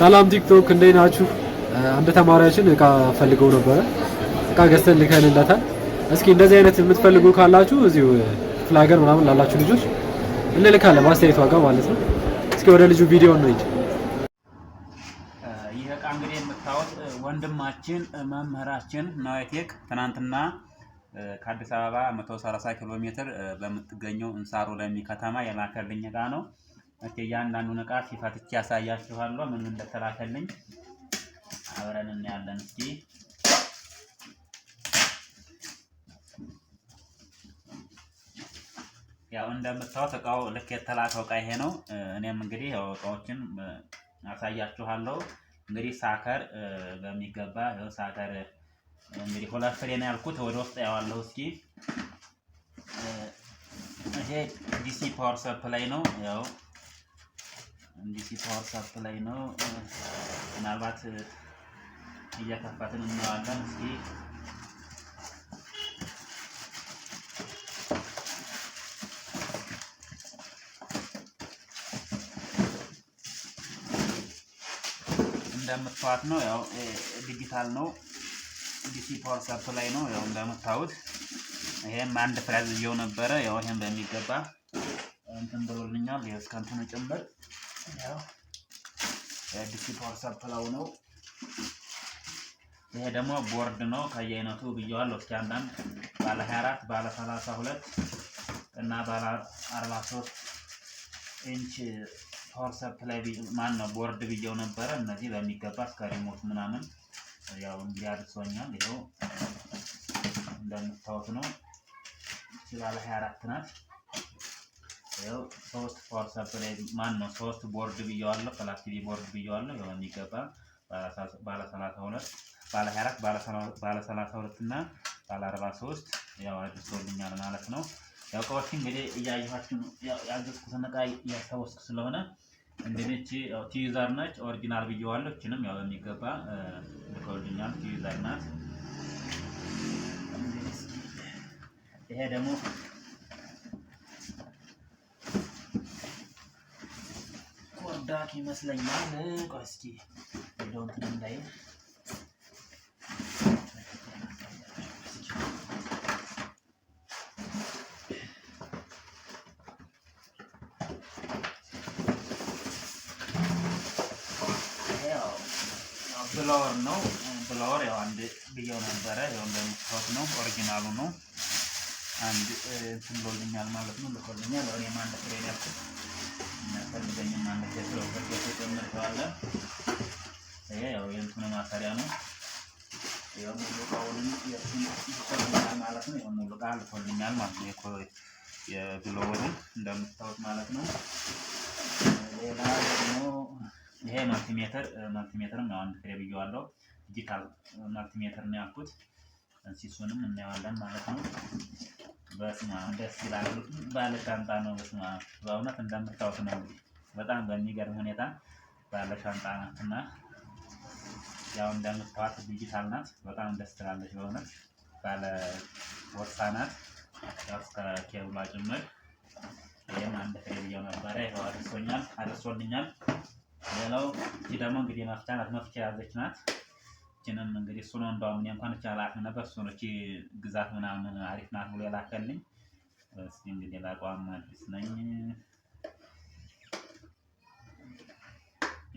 ሰላም ቲክቶክ እንዴት ናችሁ? አንድ ተማሪያችን እቃ ፈልገው ነበረ። እቃ ገዝተን ልከንለታል። እስኪ እንደዚህ አይነት የምትፈልጉ ካላችሁ እዚሁ ክፍለ ሀገር ምናምን ላላችሁ ልጆች እንልካለን፣ ማስተያየት ዋጋ ማለት ነው። እስኪ ወደ ልጁ ቪዲዮ ነው እንጂ ይህ እቃ እንግዲህ የምታዩት ወንድማችን መምህራችን ናይቴክ ትናንትና ከአዲስ አበባ 130 ኪሎ ሜትር በምትገኘው እንሳሮ ለሚ ከተማ የላከልኝ እቃ ነው። እያንዳንዱን እቃ ሲፈትቼ ያሳያችኋለሁ። ምን እንደተላከልኝ አብረን እናያለን። እስኪ ያው እንደምታዩት እቃው ልክ የተላከው እቃ ይሄ ነው። እኔም እንግዲህ ያው እቃዎችን አሳያችኋለሁ። እንግዲህ ሳከር በሚገባ ያው ሳከር እንግዲህ ሁለት ፍሬ ነው ያልኩት። ወደ ውስጥ ያዋለሁ እስኪ ይሄ ዲሲ ፓወር ሰፕላይ ነው ያው እንዲሲ ፓወር ሳፕ ላይ ነው። ምናልባት እያካፋትን እናዋለን እስኪ እንደምትዋት ነው። ያው ዲጂታል ነው። ዲሲ ፓወር ሳፕ ላይ ነው። ያው እንደምታዩት ይሄም አንድ ፍራዝ ይዤው ነበረ። ያው ይሄን በሚገባ እንትን ብሎልኛል። ይሄ እስከ እንትኑ ጭምር የዲሲ ፓወር ሰፕላው ነው። ይሄ ደግሞ ቦርድ ነው ከየአይነቱ ብየዋለሁ። እስኪ አንዳንድ ባለ 24 ባለ 32 እና ባለ 43 ኢንች ፓወር ሰፕላይ ማን ነው ቦርድ ብየው ነበረ። እነዚህ በሚገባ እስከ ሪሞት ምናምን ያው እንግዲህ አድርሶኛል። ይኸው እንደምታዩት ነው። ባለ 24 ናት። ሶስት ዋትሳፕ ላይ ማን ነው ሶስት ቦርድ ብየዋለሁ፣ ፍላት ቲቪ ቦርድ ብየዋለሁ። ያው የሚገባ ባለ 32 ባለ 24 ባለ 32 እና ባለ 43 ያው አድርሶልኛል ማለት ነው። ያው እቃዎች እንግዲህ እያየኋችሁ ያው ያዘዝኩትን እቃ እያስታወስኩ ስለሆነ እንግዲህ ያው ቲዩዘር ነች፣ ኦሪጂናል ብየዋለሁ። እችንም ያው የሚገባ ልከውልኛል። ቲዩዘር ናት። ይሄ ደግሞ ማቅ ይመስለኛል። ቆይ እስኪ እንደው እንትን እንዳይ ብላወር ነው። ብላወር ያው አንድ ብየው ነበረ። ያው እንደምታወቅ ነው። ኦሪጂናሉ ነው። አንድ እንትን ብሎልኛል ማለት ነው ልኮልኛል። እኔም አንድ ፍሬ ያልኩት የሚያስፈልገኝም አንድ ስለውበት ጨምርተዋለን። ይሄ ያው የእንትኑ ማሰሪያ ነው። የሙሉ እቃውን ይኮልኛል ማለት ነው። የሙሉ እቃ ልኮልኛል ማለት ነው። የግሎወልን እንደምታዩት ማለት ነው። ሌላ ደግሞ ይሄ መልቲሜትር መልቲሜትርም ያው አንድ ፍሬ ብዬዋለሁ። ዲጂታል መልቲሜትር ነው ያልኩት ሲሱንም እናየዋለን ማለት ነው። በስማ ደስ ይላል። ባለሻንጣ ነው። በስማ በእውነት እንደምታዩት ነው። በጣም በሚገርም ሁኔታ ባለሻንጣ ናት እና ያው እንደምታዩት ዲጂታል ናት። በጣም ደስ ትላለች። በእውነት ባለ ቦርሳ ናት። ያው እስከ ኬብሏ ጭምር ይህም አንድ ፍሬ ብየው ነበረ። ይኸው አድርሶኛል፣ አድርሶልኛል። ሌላው ይህ ደግሞ እንግዲህ መፍቻ ናት። መፍቻ ያዘች ናት። ይችንም እንግዲህ እሱ ነው እንደውም እኔ እንኳን ብቻ ነበር እሱ ነው ግዛት ምናምን አሪፍ ናት ብሎ የላከልኝ። እስኪ እንግዲህ ላቋም አዲስ ነኝ።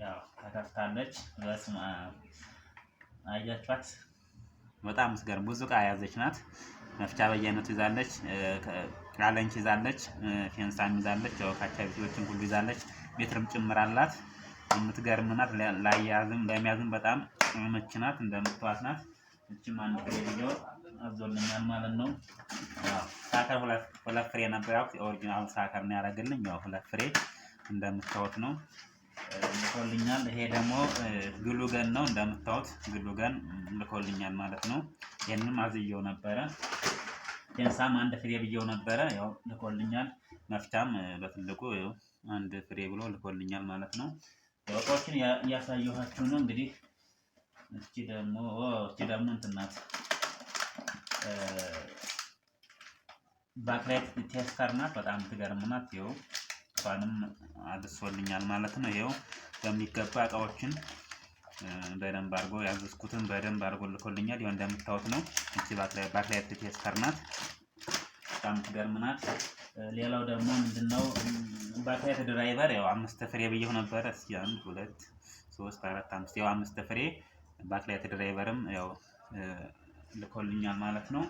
ያው ተከፍታለች። በስመ አብ አያችኋት፣ በጣም ምስገር ብዙ ዕቃ ያዘች ናት። መፍቻ በየአይነቱ ይዛለች፣ ቃለንች ይዛለች፣ ፌንሳም ይዛለች፣ ያው ካቻ ቤቶችን ሁሉ ይዛለች፣ ሜትርም ጭምር አላት። የምትገርም ናት። ለሚያዝም በጣም አመች ናት። እንደምትዋት ናት። እችም አንድ ፍሬ ልጆ አዞልኛል ማለት ነው። ሳከር ሁለት ፍሬ ነበር ያው የኦሪጂናሉ ሳከር ነው ያደረግልኝ። ያው ሁለት ፍሬ እንደምታዩት ነው ልኮልኛል። ይሄ ደግሞ ግሉገን ነው እንደምታዩት ግሉገን ልኮልኛል ማለት ነው። ይህንም አዝየው ነበረ። ቴንሳም አንድ ፍሬ ብየው ነበረ። ያው ልኮልኛል። መፍቻም በትልቁ አንድ ፍሬ ብሎ ልኮልኛል ማለት ነው። እቃዎችን እያሳየኋችሁ ነው። እንግዲህ እስቲ ደግሞ እስቲ ደግሞ እንትን ናት ባክላይት ቴስተር ናት። በጣም ትገርም ናት። ይኸው እሷንም አድርሶልኛል ማለት ነው። ይኸው በሚገባ እቃዎችን በደንብ አድርጎ ያዘዝኩትን በደንብ አድርጎ ልኮልኛል። ይኸው እንደምታዩት ነው። እቺ ባክላይት ቴስተር ናት። በጣም ትገርም ናት። ሌላው ደግሞ ምንድነው የባታየት ድራይቨር ያው አምስት ፍሬ ብየው ነበረ። እስኪ አንድ ሁለት ሶስት አራት አምስት ያው አምስት ፍሬ ባክላይት ድራይቨርም ያው ልኮልኛል ማለት ነው።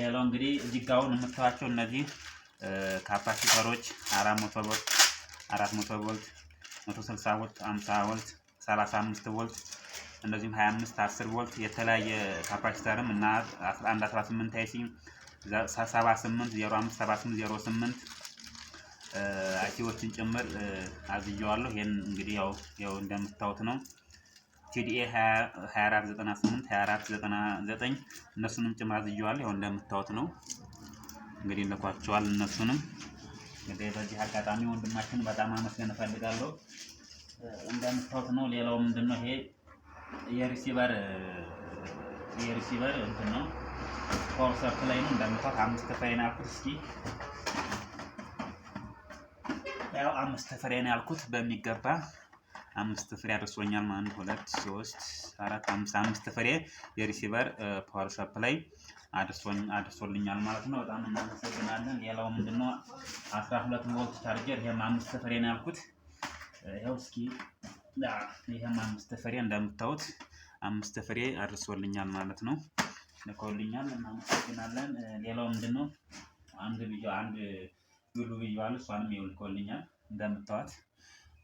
ሌላው እንግዲህ እዚህ ጋር የምታዋቸው እነዚህ ካፓሲተሮች 400 ቮልት 400 ቮልት 160 ቮልት 50 ቮልት 35 ቮልት እንደዚሁም 25 10 ቮልት የተለያየ ካፓሲተርም እና 11 18 ታይሲ 78 05 78 አይሲዎችን ጭምር አዝየዋለሁ። ይህን እንግዲህ ያው ያው እንደምታዩት ነው ቲዲኤ 2498 2499 እነሱንም ጭምር አዝየዋለሁ። ያው እንደምታዩት ነው እንግዲህ ልኳቸዋል። እነሱንም እንግዲህ በዚህ አጋጣሚ ወንድማችን በጣም አመስገን እፈልጋለሁ። እንደምታዩት ነው። ሌላው ምንድን ነው ይሄ የሪሲቨር የሪሲቨር እንትን ነው ፖርሰርት ላይ ነው እንደምታዩት አምስት ፋይናል እስኪ ያው አምስት ፍሬ ነው ያልኩት በሚገባ አምስት ፍሬ አድርሶኛል። አንድ ሁለት ሶስት አራት አምስት አምስት ፍሬ የሪሲቨር ፓወር ሰፕላይ ላይ አድርሶልኛል ማለት ነው። በጣም እናመሰግናለን። ሌላው ምንድነው አስራ ሁለት ቮልት ቻርጀር ይሄም አምስት ፍሬ ነው ያልኩት። ያው እስኪ ይሄም አምስት ፍሬ እንደምታዩት አምስት ፍሬ አድርሶልኛል ማለት ነው። ልኮልኛል። እናመሰግናለን። ሌላው ምንድነው አንድ ቪዲዮ አንድ ግሉ ብየዋል። እሷንም ይኸው ልኮልኛል እንደምታዋት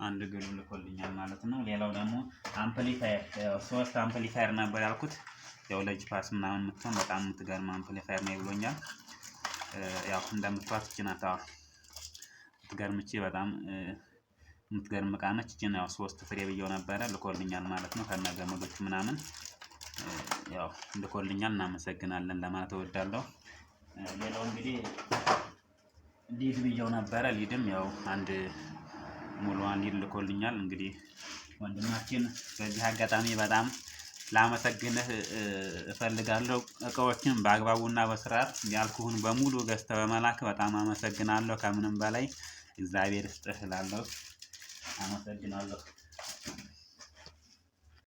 አንድ ግሉ ልኮልኛል ማለት ነው። ሌላው ደግሞ አምፕሊፋየር ሶስት አምፕሊፋየር ነበር ያልኩት። ያው ለጅ ፓስ ምናምን የምትሆን በጣም የምትገርም አምፕሊፋየር ነው ይብሎኛል። ያው እንደምታዋት እቺ ናት የምትገርም በጣም የምትገርም እቃ ነች። እቺን ያው ሶስት ፍሬ ብየው ነበረ ልኮልኛል ማለት ነው። ከነ ከነገመዶቹ ምናምን ያው ልኮልኛል። እናመሰግናለን ለማለት እወዳለሁ። ሌላው እንግዲህ ሊድ ብየው ነበረ። ሊድም ያው አንድ ሙሉዋን ሊድ ልኮልኛል። እንግዲህ ወንድማችን በዚህ አጋጣሚ በጣም ላመሰግንህ እፈልጋለሁ። እቃዎችን በአግባቡና በስርዓት ያልኩህን በሙሉ ገዝተህ በመላክ በጣም አመሰግናለሁ። ከምንም በላይ እግዚአብሔር ስጥህ እላለሁ። አመሰግናለሁ።